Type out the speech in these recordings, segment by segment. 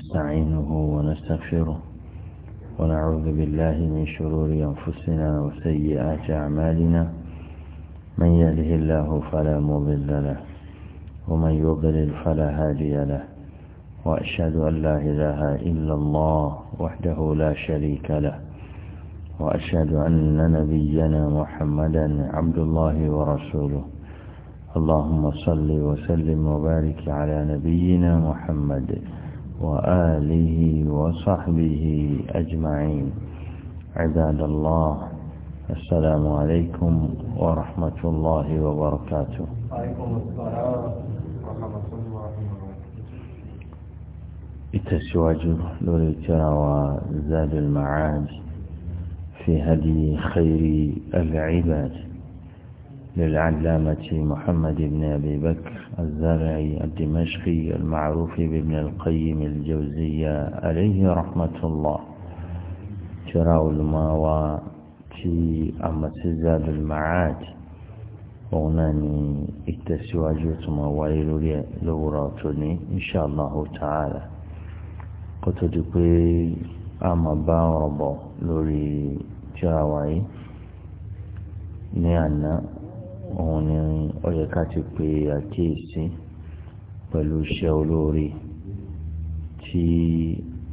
نستعينه ونستغفره ونعوذ بالله من شرور أنفسنا وسيئات أعمالنا من يهده الله فلا مضل له ومن يضلل فلا هادي له وأشهد أن لا إله إلا الله وحده لا شريك له وأشهد أن نبينا محمدا عبد الله ورسوله اللهم صل وسلم وبارك على نبينا محمد وآله وصحبه أجمعين عباد الله السلام عليكم ورحمة الله وبركاته عليكم السلام ورحمة الله وبركاته لوريترا وزاد المعاد في هدي خير العباد للعلامة محمد بن أبي بكر الزرعي الدمشقي المعروف بابن القيم الجوزية عليه رحمة الله شراء الماوى في أمة زاد المعاد وناني التسواج ثم ويل لوراتني إن شاء الله تعالى قلت أما باربو لوري جاوي ní òun ni ó yẹ ká ti pe àkíyèsí pẹ̀lú iṣẹ́ olóore tí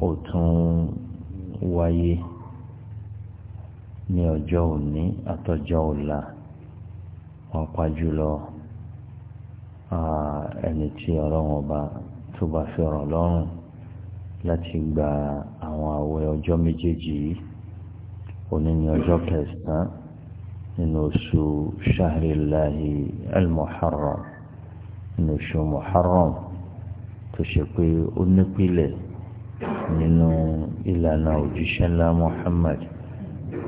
ó tún wáyé ní ọjọ́ òní àtọjọ́ ọ̀la ọ̀pá jùlọ ẹni tí ọlọ́run ọba tó bá fi ràn lọ́rùn láti gba àwọn àwẹ̀ ọjọ́ méjèèjì yìí òní ní ọjọ́ kẹsàn-án nínú oṣù shahrilahi al-muharram nínú oṣù muharram tó ṣe pé ó nípìlẹ̀ nínú ìlànà òjíṣẹ́ ńlá muhammad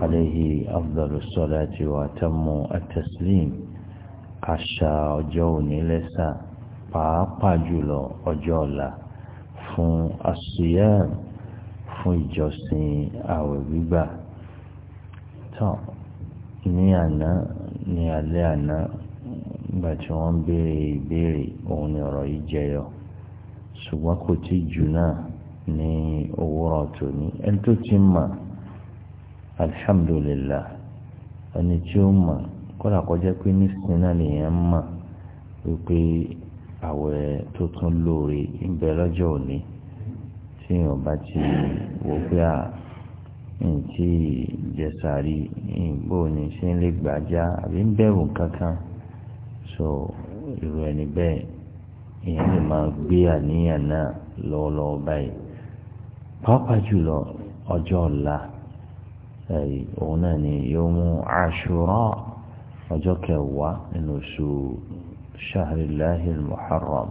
aleyhi afdalus salati wa tammu at-taslim kàṣà ọjọ́ òní lẹ́sà pàápàá jùlọ ọjọ́ ọ̀la fún asiyam fún ìjọsìn àwẹ̀ gbígbà tán ní àná ní alẹ́ àná nígbà tí wọ́n béèrè ìbéèrè òun ni ọ̀rọ̀ yìí jẹyọ ṣùgbọ́n kò tí jù náà ní òwúrọ̀ tòní ẹni tó ti mà alihamudulila ẹni tí ó mà kọ́dà kọjá pé nísìnyí náà nìyẹn mà wípé àwẹ̀ tó tún lóore ń bẹ lọ́jọ́ òní tí èèyàn bá ti wò à ntí jẹsàrí ìbò ní ṣe ń lè gbàjá àbí ń bẹ̀rù kankan so irú ẹni bẹ́ẹ̀ èèyàn lè máa gbé àníyàn náà lọ́wọ́lọ́wọ́ báyìí pàápàá jùlọ ọjọ́ ọ̀la òun náà ni yóò mú Ashura ọjọ́ kẹwàá nínú oṣù Shahrillahi al-Muharram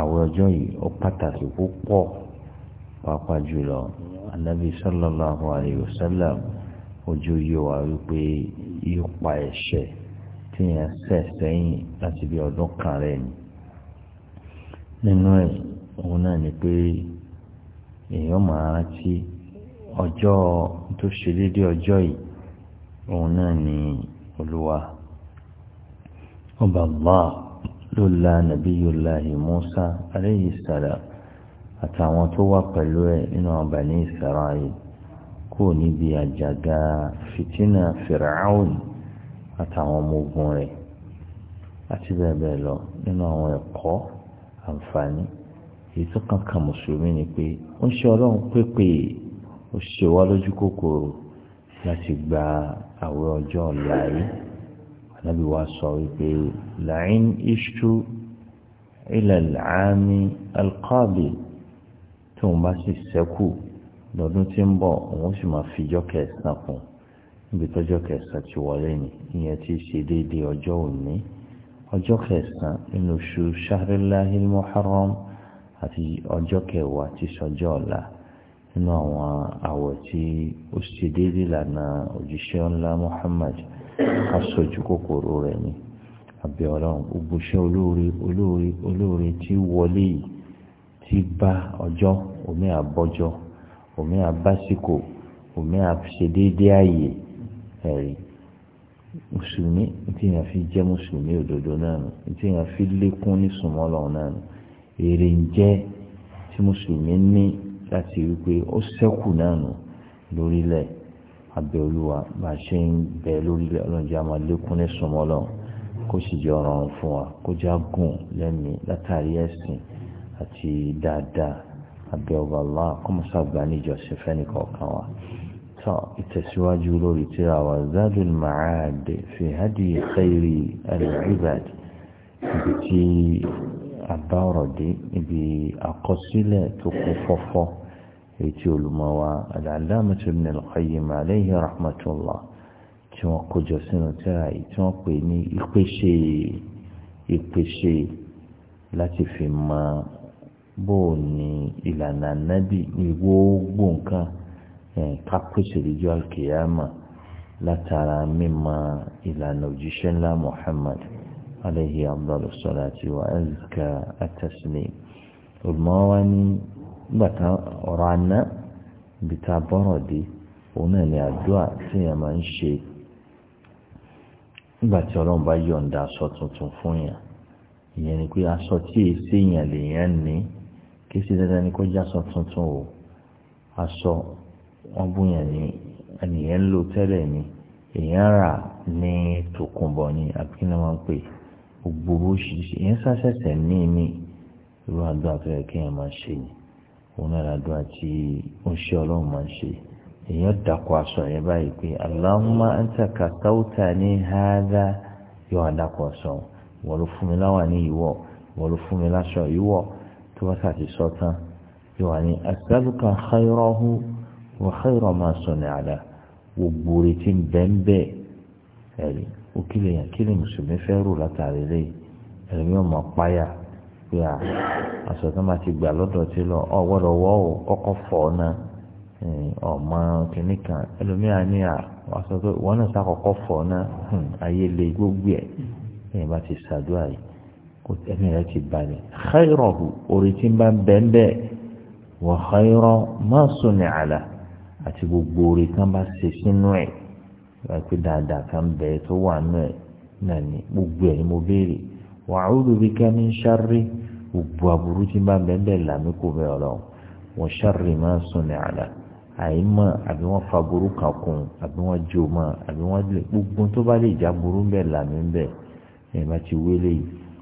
àwọn ọjọ́ yìí ó pàtàkì púpọ̀. pàápàá jùlọ anabi sallallahu alayhi wa sallam ojú yóò wá wípé ipa ẹ̀ṣẹ̀ tí yẹn ṣẹ̀ sẹ́yìn láti bí ọdún kan ni nínú ẹ̀ òun náà ni pé èèyàn máa rántí ọjọ tó ṣe déédéé ọjọ́ yìí òun náà ni olúwa ọba allah ló la nàbíyùláhi musa aleyhi àtàwọn tó wà pẹ̀lú ẹ̀ nínú àwọn Bani Isra'il kò níbi àjàgà fìtínà Fir'aun àtàwọn ọmọ ogun rẹ̀ àti bẹ́ẹ̀ bẹ́ẹ̀ lọ nínú àwọn ẹ̀kọ́ àǹfààní èyí tó kankan mùsùlùmí ni pé ó ń ṣe ọlọ́run pépè ó ṣe wá lójú kòkòrò láti gba àwẹ̀ ọjọ́ ọ̀la anábì wa sọ wípé la'in ishtu ila al-aami tí òun bá sì ṣẹ́kù lọ́dún tí ń bọ̀ òun sì máa fi ijọ́ kẹsàn-án kún níbi tọ́jọ́ kẹsàn-án ti wọlé ni ìyẹn ti ṣe déédéé ọjọ́ òní ọjọ́ kẹsàn-án nínú oṣù shahrilahi muharram àti ọjọ́ kẹwàá ti sọjọ́ ọ̀la nínú àwọn àwọ̀ tí ó ṣe déédéé òjíṣẹ́ ńlá muhammad aṣojú kòkòrò rẹ̀ ni ọlọ́run olóore olóore tí bá ọjọ́ omi àbọ́jọ́ omi àbásíkò omi àṣedéédé ààyè ẹ̀rí mùsùlùmí tí èèyàn fi jẹ́ mùsùlùmí òdodo náà nù tí èèyàn fi lékún ní sùnmọ́ Ọlọ́run náà nù èrè ń jẹ́ tí mùsùlùmí ní láti rí pé ó sẹ́kù náà nù lórílẹ̀ abẹ́ bá a ṣe ń bẹ lórílẹ̀ ọlọ́njẹ́ a máa lékún ní sùnmọ́ kó sì jẹ́ ọ̀rọ̀ fún wa kó jẹ́ àgùn lẹ́mìí látàrí ẹ̀sìn àti dáadáa àbẹ̀ ọba Allah kọ́mọ̀sá gbà níjọsìn fẹ́ni kọ̀ọ̀kan wa. tán ìtẹ̀síwájú lórí tíra wa Zadul Ma'ad fi hadi khayri al-ibad ibi tí àbá ọ̀rọ̀ dé ibi àkọsílẹ̀ tó kún fọ́fọ́ èyí tí olùmọ̀ wa al-Allamah Ibn al-Qayyim alayhi rahmatullah tí wọ́n kójọ sínú tíra yìí tí wọ́n pè ní ìpèsè ìpèsè láti fi máa bó o ní ìlànà ànábì ní gbogbo nǹkan kápẹ́sì lójú látara mímọ̀ ìlànà òjíṣẹ́ ńlá Muhammad alayhi abdul salati wa azka ataslim olùmọ́wá ní gbàtà ọ̀rọ̀ àná bìtà bọ́rọ̀ dé òun náà ni àdúrà tí èèyàn máa ń ṣe ọlọ́run bá yọ̀ǹda aṣọ tuntun fún yàn ìyẹn ni pé aṣọ kìí ṣe dandan ni kó jẹ́ tuntun o aṣọ wọn bóyá ni ń lo tẹ́lẹ̀ ni èèyàn rà ní ni àbí kí ni wọ́n ń gbogbo oríṣiríṣi èèyàn ṣàṣẹ̀ṣẹ̀ ní ní irú àdúrà tó yẹ kéèyàn máa ṣe ni òun náà làdúrà tí ó ṣe ọlọ́run máa ń ṣe èèyàn dàkọ aṣọ yẹn báyìí pé Allahumma anta yóò aṣọ ló fún mi láwà ní ló fún mi láṣọ tí wọ́n ṣàti sọ tán yóò wá ní as'aluka khayrahu wa khayra ma suni'a lahu gbogbo retí bẹ́ẹ̀nbẹ́ ẹ̀rí o kí lè yàn kí lè mùsùlùmí fẹ́ rò látàrí lè ẹ̀rí ọmọ páyà pé à aṣọ tó máa ti gbà lọ́dọ̀ tí lọ ọ gbọ́dọ̀ wọ́ ọ kọ́kọ́ fọ́ ọ náà ọmọ kìnnì kan ẹlòmíràn ní à wọ́n náà sá kọ́kọ́ fọ́ náà ayé lè gbógbé ẹ̀ ẹ̀yìn bá ti ṣàdúrà yìí kò tẹ́ni rẹ ti balẹ̀ xayirọ̀hu oretí bá bẹ́ẹ̀ bẹ́ẹ̀ wà xayirọ̀ máa sọnì àlà àti gbogbo orí kan bá ṣe sínú ẹ̀ wípé dáadáa kan bẹ́ẹ̀ tó wà nù ẹ̀ náà ni gbogbo ni mo béèrè wà á wúlò bí ká ní sáré gbogbo aburú tí bá bẹ́ẹ̀ bẹ́ẹ̀ làmì kò bẹ́ẹ̀ lọ wọ́n sáré máa sọnì àlà àyímọ̀ àbí wọ́n fa burú kan kún àbí wọ́n jò mọ́ àbí wọ́n lè gbogbo tó bá lè já burú bẹ́ẹ̀ làmì bẹ́ẹ̀ ẹ̀ bá ti wélé yìí.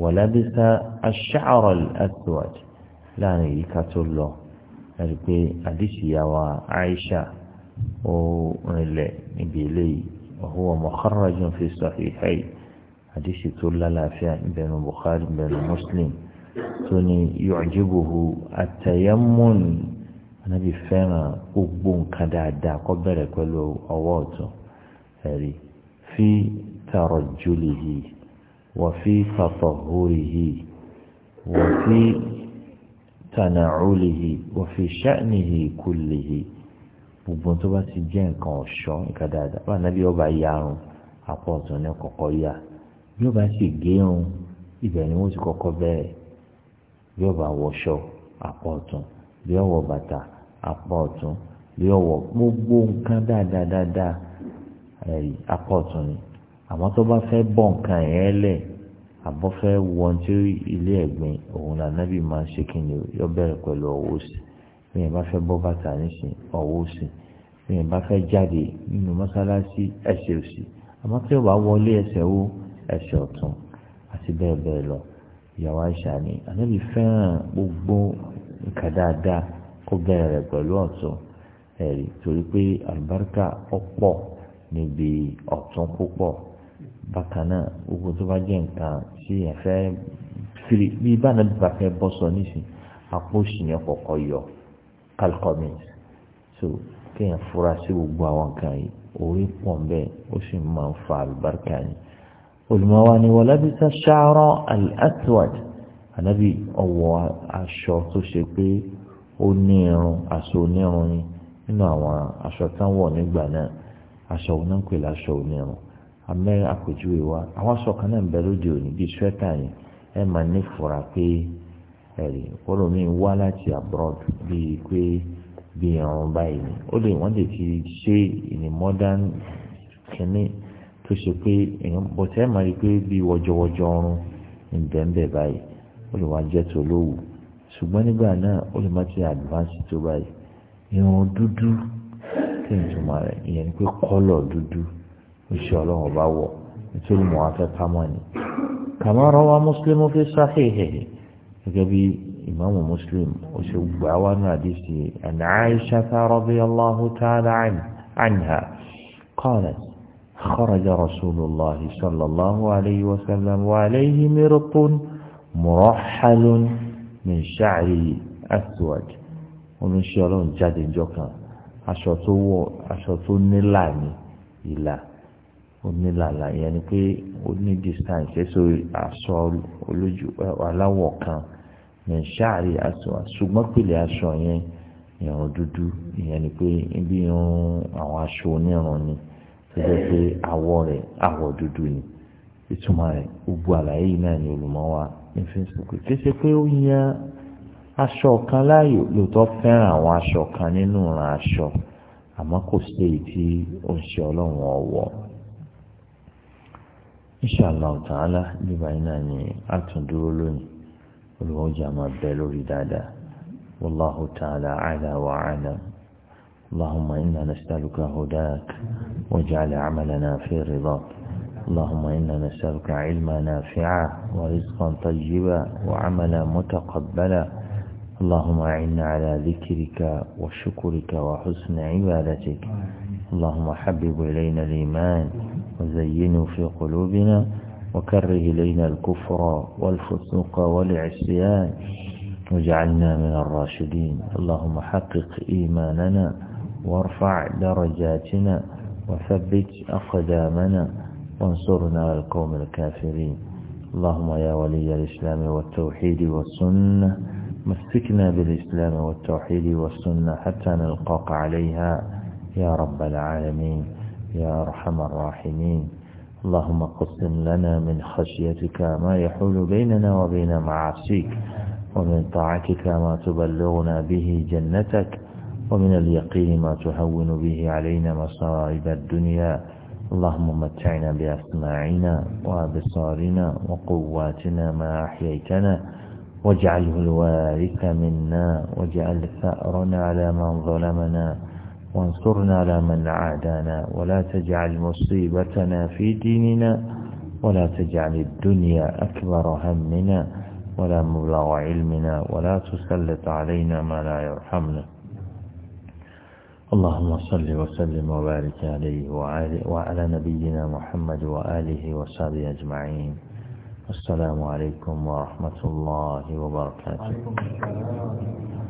wọ̀lábísà aṣáàrọ̀ aswad láàrin yìí ká tó lọ ẹ̀rí pé àdìsíyàwó Aisha ó rìnlẹ̀ níbi eléyìí ọ̀húwà mọ̀kànlájọ́ fi sahihayn àdìsí tó lálàáfíà ìbẹ̀rù Bukhari ìbẹ̀rù Muslim tó ní yu'jibuhu at-tayammun anábì fẹ́ràn gbogbo nǹkan dáadáa kọ́ bẹ̀rẹ̀ pẹ̀lú ọwọ́ ọ̀tún ẹ̀rí fi tarajjulihi. وفي tàtọ̀húrìhì وفي tànàúlìhì وفي شأنه كله. gbogbo tó bá ti jẹ́ nǹkan ọ̀ṣọ́ nǹkan dáadáa bá nàbí ọba yarun apá ọ̀tún ní kọ̀kọ́ yá bí ọba sì gérun ibẹ̀ ni wọ́n ti kọ́kọ́ bẹ̀rẹ̀ bí ọba wọṣọ apá bí ọwọ́ bàtà apá bí ọwọ́ gbogbo nǹkan dáadáa dáadáa apá ni àmọ́ tó bá fẹ́ bọ̀ nǹkan yẹn lẹ̀ àbọ̀ fẹ́ wọ tí ilé ẹ̀gbin òun lànàbì máa ṣe kí ni yọ bẹ̀rẹ̀ pẹ̀lú ọwọ́ òsì bí yẹn bá fẹ́ bọ́ bàtà nísìn ọwọ́ òsì bí yẹn bá fẹ́ jáde nínú mọ́sálásí ẹsẹ̀ òsì àmọ́ tí ó bá wọlé ẹsẹ̀ wo ẹsẹ̀ ọ̀tún àti bẹ́ẹ̀ bẹ́ẹ̀ lọ ìyàwó àṣà ni ànábì fẹ́ràn gbogbo nǹkan dáadáa kó bẹ̀rẹ̀ pẹ̀lú ọ̀tún ẹ̀rí torí pé àlùbáríkà ọ̀pọ̀ níbi ọ̀tún púpọ̀ bákan náà gbogbo tó bá jẹ́ nǹkan tí èèyàn fẹ́ firi bí báyìí náà bá fẹ́ bọ́ sọ nísìn àpò òṣìyàn kọ̀ọ̀kọ̀ yọ calcomins so kéèyàn fura sí gbogbo àwọn nǹkan yìí orí pọ̀ ń bẹ́ẹ̀ ó sì máa ń fa àlùbáríkà yìí olùmọ̀wá ni wọ́n lábísà ṣáárọ̀ al-aswad ànábì ọ̀wọ́ aṣọ tó ṣe pé ó ní irun aṣọ onírun ni nínú àwọn aṣọ táwọn nígbà náà aṣọ onípele aṣọ onírun amẹ́ àpèjúwe wa àwọn aṣọ kan náà ń bẹ lóde òní bíi swẹ́tà yẹn ẹ máa ní fura pé ẹ̀rí kọ́lọ́ mi wá láti abroad bíi pé bíi ẹ̀rùn báyìí ni ó lè wọ́n lè ti ṣe ìní modern kìíní tó ṣe pé èèyàn bọ̀tẹ́ ẹ̀ máa rí pé bíi wọjọwọjọ ọrùn ń bẹ̀ ń bẹ̀ báyìí ó lè wá jẹ́ tó lówù ṣùgbọ́n nígbà náà ó lè má ti advance tó báyìí irun dúdú kí n túmọ̀ rẹ̀ ìyẹn ni pé iṣẹ́ ọlọ́run bá wọ̀ nítorí mo wá fẹ́ kámọ́ ni. kama rawa muslim fi sahihihi gẹ́gẹ́ bí ìmáàmù muslim ó ṣe gbà wá ní àdìsí an Aisha radiyallahu ta'ala anha qalat خرج رسول الله صلى الله عليه وسلم وعليه مرط مرحل من شعر أسود ومن شعر جاد جوكا aṣọ tó wọ̀ aṣọ tó nílà ní ìlà onílàlà yẹn ni pé ó ní distance so aṣọ olójú aláwọ̀ kan ní sáàrí aṣọ ṣùgbọ́n pèlè aṣọ yẹn ìrùn dúdú ìyẹn ni pé ibi irun àwọn aṣọ onírun ni tó jẹ́ pé àwọ̀ rẹ̀ àwọ̀ dúdú ni ìtumọ̀ rẹ̀ gbogbo àlàyé yìí náà ni olùmọ̀ wa ní facebook kì í ṣe pé ó yan aṣọ kan láàyò lóòótọ́ fẹ́ràn àwọn aṣọ kan nínú ìran aṣọ àmọ́ kò sí èyí tí ó ń ṣe ọlọ́run ọ̀wọ́ inṣàlá ọ̀tàálá nígbà iná ni a tún dúró lónìí olùwọ́jà máa bẹ lórí dáadáa والله تعالى أعلى وأعلم اللهم إنا نسألك هداك واجعل عملنا في رضاك اللهم إنا نسألك علما نافعا ورزقا طيبا وعملا متقبلا اللهم أعنا على ذكرك وشكرك وحسن عبادتك اللهم حبب إلينا الإيمان وزينه في قلوبنا وكره إلينا الكفر والفسوق والعصيان وجعلنا من الراشدين اللهم حقق إيماننا وارفع درجاتنا وثبت أقدامنا وانصرنا القوم الكافرين اللهم يا ولي الإسلام والتوحيد والسنة مسكنا بالإسلام والتوحيد والسنة حتى نلقاك عليها يا رب العالمين يا أرحم الراحمين اللهم قسم لنا من خشيتك ما يحول بيننا وبين معاصيك ومن طاعتك ما تبلغنا به جنتك ومن اليقين ما تهون به علينا مصائب الدنيا اللهم متعنا بأسماعنا وأبصارنا وقواتنا ما أحييتنا واجعله الوارث منا واجعل ثأرنا على من ظلمنا وانصرنا على من عادانا ولا تجعل مصيبتنا في ديننا ولا تجعل الدنيا أكبر همنا ولا مبلغ علمنا ولا تسلط علينا ما لا يرحمنا اللهم صل وسلم وبارك عليه وعلى نبينا محمد وآله وصحبه أجمعين السلام عليكم ورحمة الله وبركاته